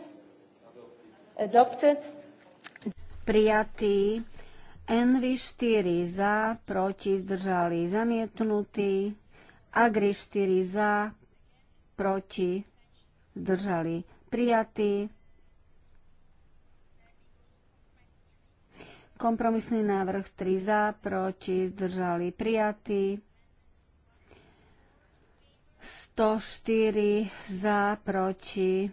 Adopted. Prijatý. Envy 4 za, proti, zdržali, zamietnutý. Agri 4 za, proti, zdržali, prijatý. Kompromisný návrh 3 za, proti, zdržali, prijatý. 104 mm, za, proti,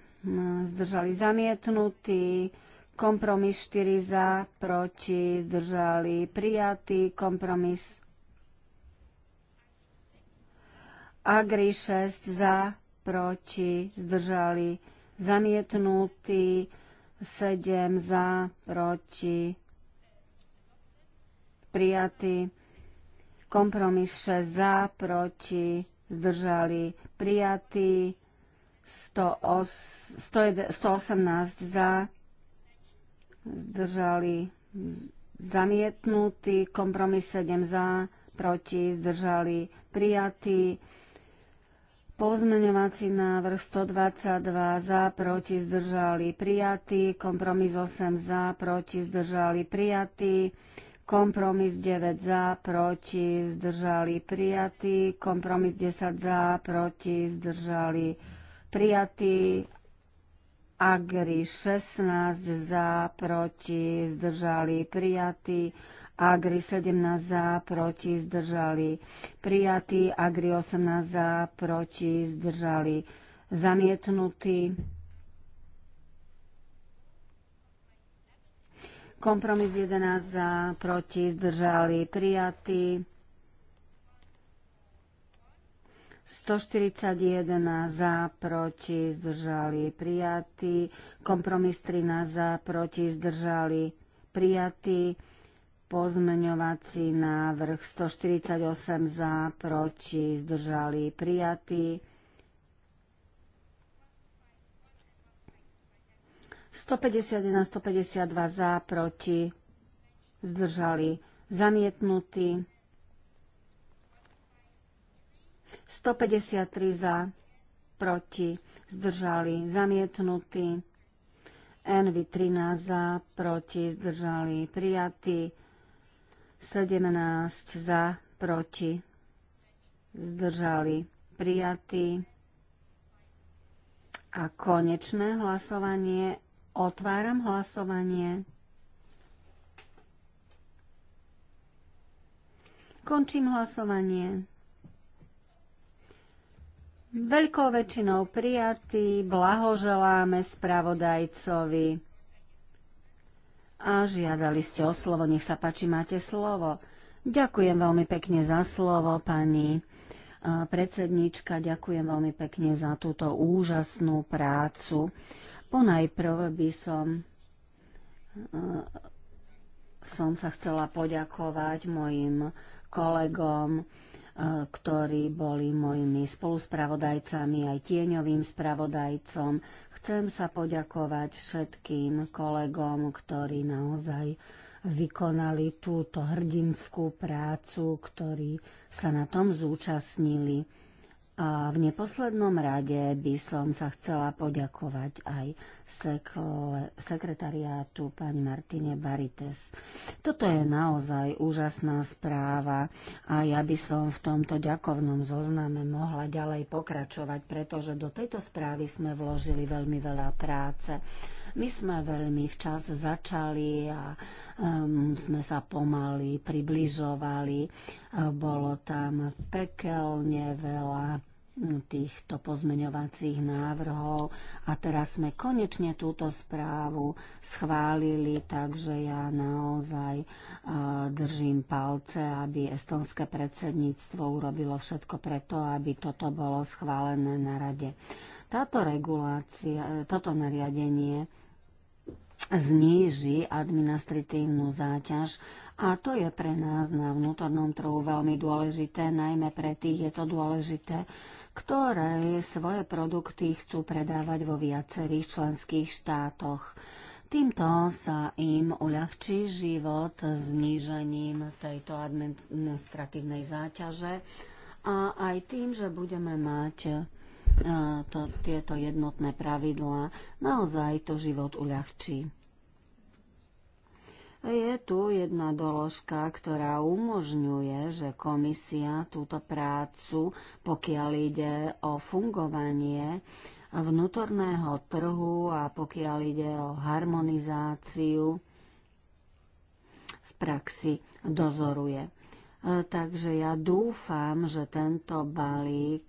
zdržali zamietnutí, kompromis 4 za, proti, zdržali prijatý, kompromis Agri 6 za, proti, zdržali zamietnutý, 7 za, proti, prijatý, kompromis 6 za, proti, zdržali prijatí, 118 za, zdržali zamietnutí, kompromis 7 za, proti, zdržali prijatí, Pozmeňovací návrh 122 za, proti, zdržali prijatý. Kompromis 8 za, proti, zdržali prijatý. Kompromis 9 za, proti, zdržali prijatý. Kompromis 10 za, proti, zdržali prijatý. Agri 16 za, proti, zdržali prijatý. Agri 17 za, proti, zdržali prijatý. Agri 18 za, proti, zdržali zamietnutý. Kompromis 11 za, proti, zdržali, prijatý. 141 za, proti, zdržali, prijatý. Kompromis 13 za, proti, zdržali, prijatý. Pozmeňovací návrh 148 za, proti, zdržali, prijatý. 151, 152 za, proti, zdržali, zamietnutí. 153 za, proti, zdržali, zamietnutí. NV 13 za, proti, zdržali, prijatí. 17 za, proti, zdržali, prijatí. A konečné hlasovanie Otváram hlasovanie. Končím hlasovanie. Veľkou väčšinou prijatý, blahoželáme spravodajcovi. A žiadali ste o slovo, nech sa páči, máte slovo. Ďakujem veľmi pekne za slovo, pani predsednička, ďakujem veľmi pekne za túto úžasnú prácu. Ponajprv by som eh, som sa chcela poďakovať mojim kolegom, eh, ktorí boli mojimi spoluspravodajcami aj tieňovým spravodajcom. Chcem sa poďakovať všetkým kolegom, ktorí naozaj vykonali túto hrdinskú prácu, ktorí sa na tom zúčastnili. A v neposlednom rade by som sa chcela poďakovať aj sekle, sekretariátu pani Martine Barites. Toto je naozaj úžasná správa a ja by som v tomto ďakovnom zozname mohla ďalej pokračovať, pretože do tejto správy sme vložili veľmi veľa práce. My sme veľmi včas začali a um, sme sa pomaly približovali. Bolo tam pekelne veľa týchto pozmeňovacích návrhov. A teraz sme konečne túto správu schválili, takže ja naozaj e, držím palce, aby estonské predsedníctvo urobilo všetko preto, aby toto bolo schválené na rade. Táto regulácia, e, toto nariadenie zníži administratívnu záťaž a to je pre nás na vnútornom trhu veľmi dôležité, najmä pre tých je to dôležité, ktoré svoje produkty chcú predávať vo viacerých členských štátoch. Týmto sa im uľahčí život znížením tejto administratívnej záťaže a aj tým, že budeme mať to, tieto jednotné pravidlá, naozaj to život uľahčí. Je tu jedna doložka, ktorá umožňuje, že komisia túto prácu, pokiaľ ide o fungovanie vnútorného trhu a pokiaľ ide o harmonizáciu v praxi, dozoruje. E, takže ja dúfam, že tento balík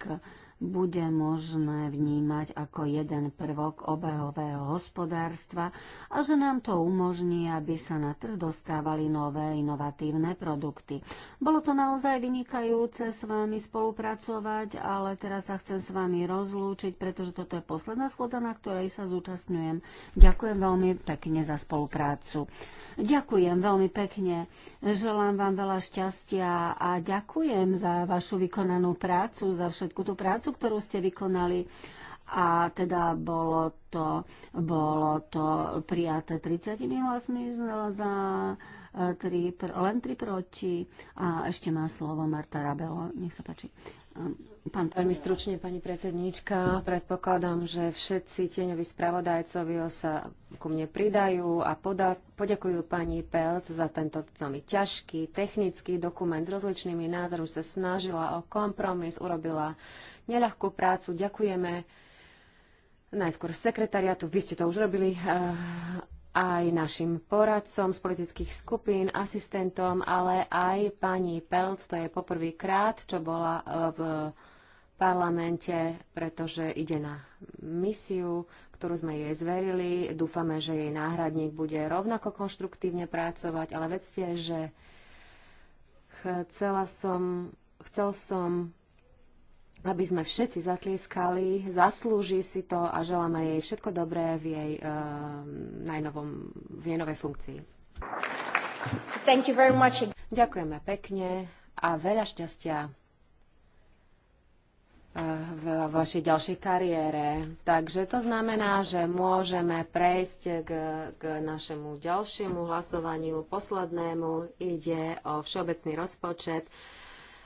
bude možné vnímať ako jeden prvok obehového hospodárstva a že nám to umožní, aby sa na trh dostávali nové inovatívne produkty. Bolo to naozaj vynikajúce s vami spolupracovať, ale teraz sa chcem s vami rozlúčiť, pretože toto je posledná schoda, na ktorej sa zúčastňujem. Ďakujem veľmi pekne za spoluprácu. Ďakujem veľmi pekne. Želám vám veľa šťastia a ďakujem za vašu vykonanú prácu, za všetku tú prácu, prácu, ktorú ste vykonali a teda bolo to, bolo to prijaté 30 hlasmi za e, tri, len 3 proti a ešte má slovo Marta Rabelo. Nech sa páči. Ehm, pán Veľmi stručne, pani predsedníčka, predpokladám, že všetci tieňoví spravodajcovia sa ku mne pridajú a poda- poďakujú pani Pelc za tento veľmi ťažký technický dokument s rozličnými názormi. Sa snažila o kompromis, urobila neľahkú prácu. Ďakujeme najskôr sekretariatu, vy ste to už robili, eh, aj našim poradcom z politických skupín, asistentom, ale aj pani Pelc, to je poprvýkrát, čo bola eh, v parlamente, pretože ide na misiu, ktorú sme jej zverili. Dúfame, že jej náhradník bude rovnako konštruktívne pracovať, ale vedzte, že chcela som, chcel som aby sme všetci zatlieskali, zaslúži si to a želáme jej všetko dobré v jej uh, najnovom, v jej novej funkcii. Thank you very much. Ďakujeme pekne a veľa šťastia eh, v vašej ďalšej kariére. Takže to znamená, že môžeme prejsť k, k našemu ďalšiemu hlasovaniu, poslednému. Ide o všeobecný rozpočet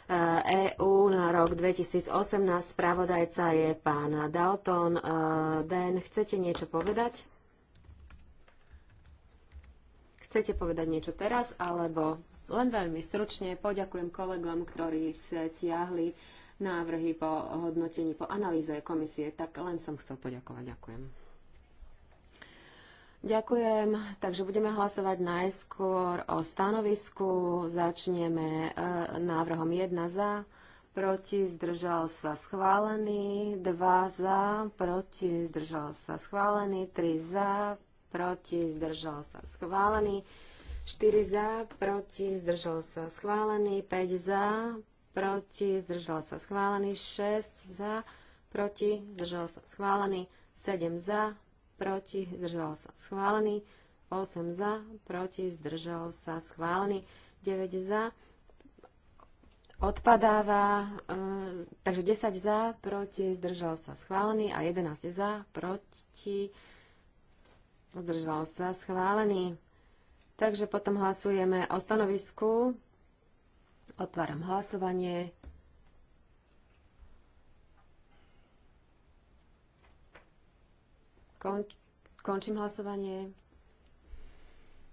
EÚ e na rok 2018. Spravodajca je pán Dalton. E, Den, chcete niečo povedať? Chcete povedať niečo teraz, alebo len veľmi stručne poďakujem kolegom, ktorí tiahli návrhy po hodnotení, po analýze komisie. Tak len som chcel poďakovať. Ďakujem. Ďakujem. Takže budeme hlasovať najskôr o stanovisku. Začneme e, návrhom 1 za, proti, zdržal sa schválený, 2 za, proti, zdržal sa schválený, 3 za, proti, zdržal sa schválený, 4 za, proti, zdržal sa schválený, 5 za, proti, zdržal sa schválený, 6 za, proti, zdržal sa schválený, 7 za, proti, zdržal sa schválený, 8 za, proti, zdržal sa schválený, 9 za, odpadáva, e, takže 10 za, proti, zdržal sa schválený a 11 za, proti, zdržal sa schválený. Takže potom hlasujeme o stanovisku. Otváram hlasovanie. Konč, končím hlasovanie.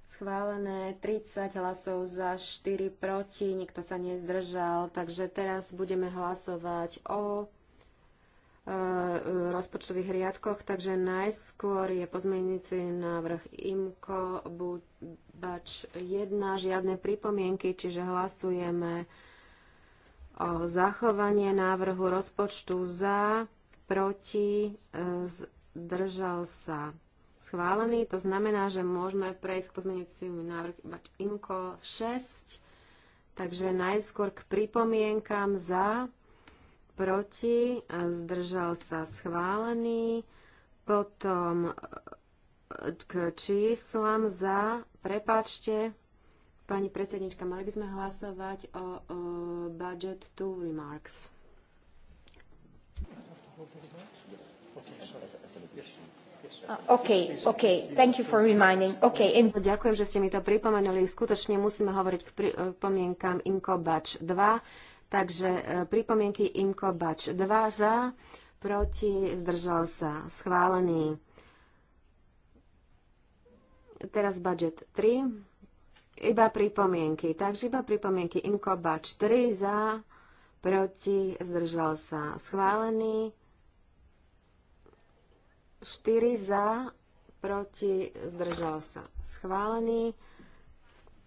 Schválené 30 hlasov za 4 proti, nikto sa nezdržal, takže teraz budeme hlasovať o e, rozpočtových riadkoch, takže najskôr je pozmeňujúci návrh IMKO bač 1, žiadne pripomienky, čiže hlasujeme o zachovanie návrhu rozpočtu za, proti, e, zdržal sa schválený. To znamená, že môžeme prejsť k pozmeniaciu návrh Inko 6. Takže najskôr k pripomienkám za, proti, zdržal sa schválený, potom e, k číslam za, prepačte, pani predsednička, mali by sme hlasovať o, o budget to remarks. Yes. Okay, Uh, Ďakujem, že ste mi to pripomenuli. Skutočne musíme hovoriť k pripomienkám IMCO Batch 2. Takže e, pripomienky IMCO Batch 2 za, proti, zdržal sa, schválený. Teraz budget 3. Iba pripomienky. Takže iba pripomienky IMCO Bač 3 za, proti, zdržal sa, schválený. 4 za, proti, zdržal sa. Schválený.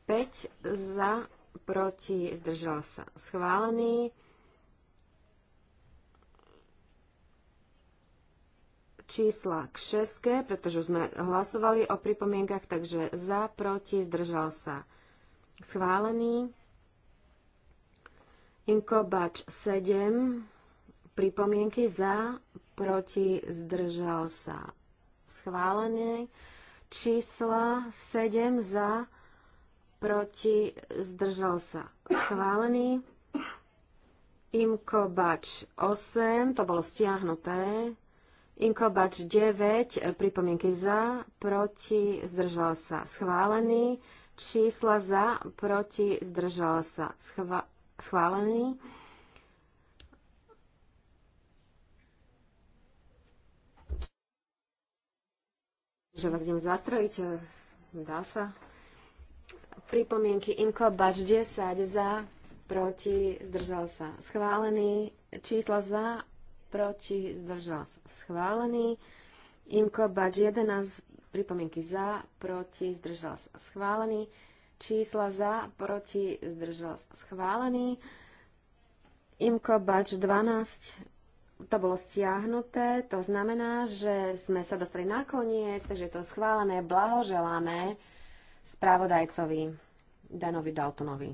5 za, proti, zdržal sa. Schválený. 6, čísla k 6, pretože sme hlasovali o pripomienkach, takže za, proti, zdržal sa. Schválený. Inkobač 7, pripomienky za, proti, zdržal sa. Schválenie čísla 7 za, proti, zdržal sa. Schválený. Imko Bač 8, to bolo stiahnuté. Imko Bač 9, pripomienky za, proti, zdržal sa. Schválený. Čísla za, proti, zdržal sa. Schva- schválený. že vás idem zastreliť. Eh, dá sa. Pripomienky Inko Bač 10 za, proti, zdržal sa schválený. Čísla za, proti, zdržal sa schválený. Imko Bač 11, pripomienky za, proti, zdržal sa schválený. Čísla za, proti, zdržal sa schválený. Imko Bač 12, to bolo stiahnuté, to znamená, že sme sa dostali na koniec, takže to schválené blahoželáme správodajcovi Danovi Daltonovi.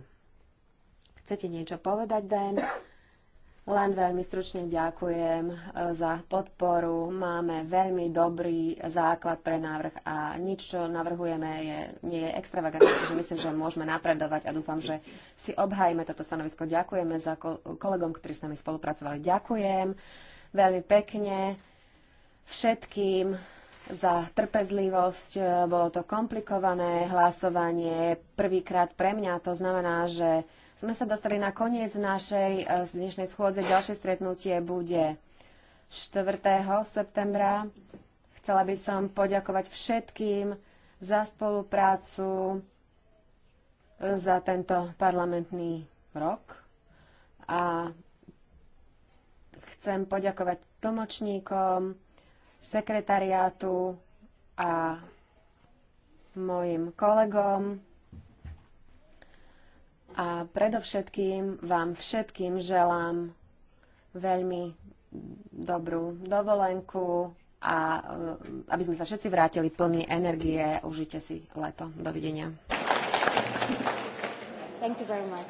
Chcete niečo povedať, Dan? Len veľmi stručne ďakujem e, za podporu. Máme veľmi dobrý základ pre návrh a nič, čo navrhujeme, je, nie je extravagantné, čiže myslím, že môžeme napredovať a dúfam, že si obhajíme toto stanovisko. Ďakujeme za kolegom, ktorí s nami spolupracovali. Ďakujem veľmi pekne všetkým za trpezlivosť. E, bolo to komplikované hlasovanie. Prvýkrát pre mňa to znamená, že sme sa dostali na koniec našej e, dnešnej schôdze. Ďalšie stretnutie bude 4. septembra. Chcela by som poďakovať všetkým za spoluprácu e, za tento parlamentný rok a chcem poďakovať tlmočníkom, sekretariátu a mojim kolegom. A predovšetkým vám všetkým želám veľmi dobrú dovolenku a e, aby sme sa všetci vrátili plní energie. Užite si leto. Dovidenia. Thank you very much.